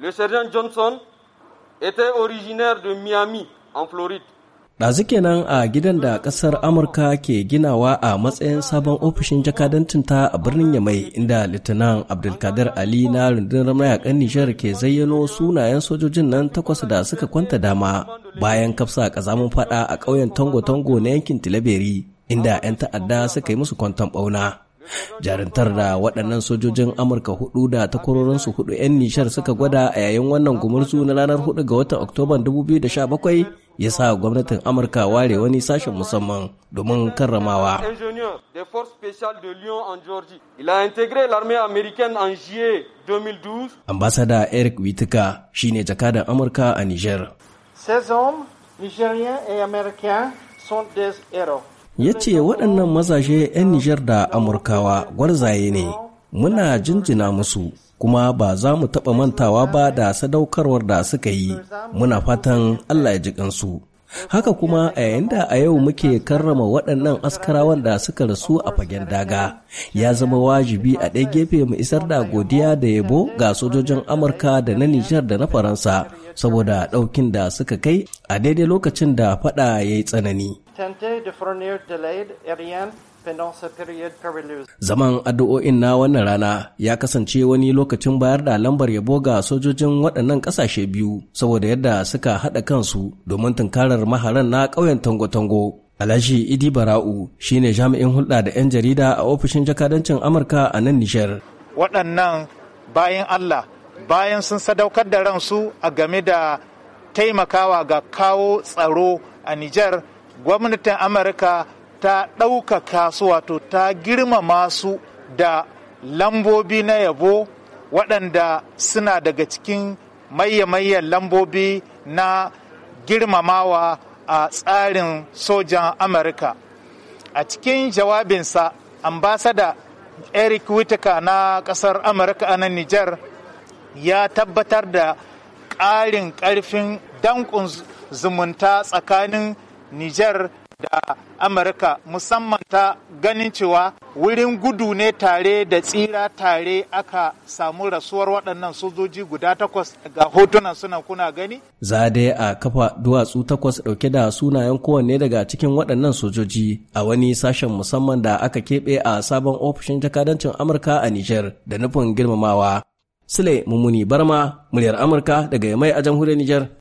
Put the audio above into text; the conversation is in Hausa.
Le sergent Johnson était originaire de Miami, en Floride. Ɗazu kenan a gidan da ƙasar Amurka ke ginawa a matsayin sabon ofishin ta a birnin Yamai inda litinan Abdulkadir Ali na rundunar mayakan Nijar ke zayyano sunayen sojojin nan takwas da suka kwanta dama bayan kafsa ƙazamin fada a ƙauyen Tango-Tango na yankin Tilaberi inda 'yan ta'adda suka yi musu kwanton ɓauna. jarintar da waɗannan sojojin amurka hudu da takwarorinsu hudu 'yan nishar suka gwada a yayin wannan gumurzu na ranar hudu ga watan oktoban 2017 ya sa gwamnatin amurka ware wani sashen musamman domin karramawa ambasada eric witika shine jakadan amurka a Nijar. Ces hommes, nigériens et américains, sont des héros. ya ce waɗannan mazaje 'yan Nijar da Amurkawa gwarzaye ne, muna jinjina musu kuma ba za mu taɓa mantawa ba da sadaukarwar da suka yi, muna fatan Allah ya ji ƙansu. Haka kuma a yayin da a yau muke karrama waɗannan askarawan da suka rasu a fagen daga, ya zama wajibi a ɗaya gefe mu isar da godiya da yabo ga sojojin Amurka da na Nijar da na Faransa saboda ɗaukin da suka kai a daidai lokacin da faɗa ya yi tsanani. tenter de fournir de l'aide aérienne Zaman addu'o'in na wannan rana ya kasance wani lokacin bayar da lambar yabo ga sojojin waɗannan ƙasashe biyu saboda yadda suka haɗa kansu domin tunkarar maharan na ƙauyen tango-tango. Alhaji Idi Bara'u shine jami'in hulɗa da 'yan jarida a ofishin jakadancin Amurka a nan Nijar. Waɗannan bayan Allah bayan sun sadaukar da ransu a game da taimakawa ga kawo tsaro a Nijar gwamnatin amurka ta ɗaukaka su wato ta girmama su da lambobi na yabo waɗanda suna daga cikin mayyamayyan lambobi na girmamawa a tsarin sojan amurka a cikin jawabinsa ambasada eric whitaker na ƙasar amurka a nan nijar ya tabbatar da ƙarin ƙarfin dankun zumunta tsakanin Nijar da Amurka musamman ta ganin cewa wurin gudu ne tare da tsira tare aka samu rasuwar waɗannan sojoji guda takwas ga hotunan suna kuna gani? Za a kafa duwatsu takwas ɗauke da sunayen kowanne daga cikin waɗannan sojoji a wani sashen musamman da aka keɓe a sabon ofishin jakadancin Amurka a Nijar da nufin girmamawa. Sule Mumuni Barma, muryar Amurka daga Yamai a jamhuriyar Nijar.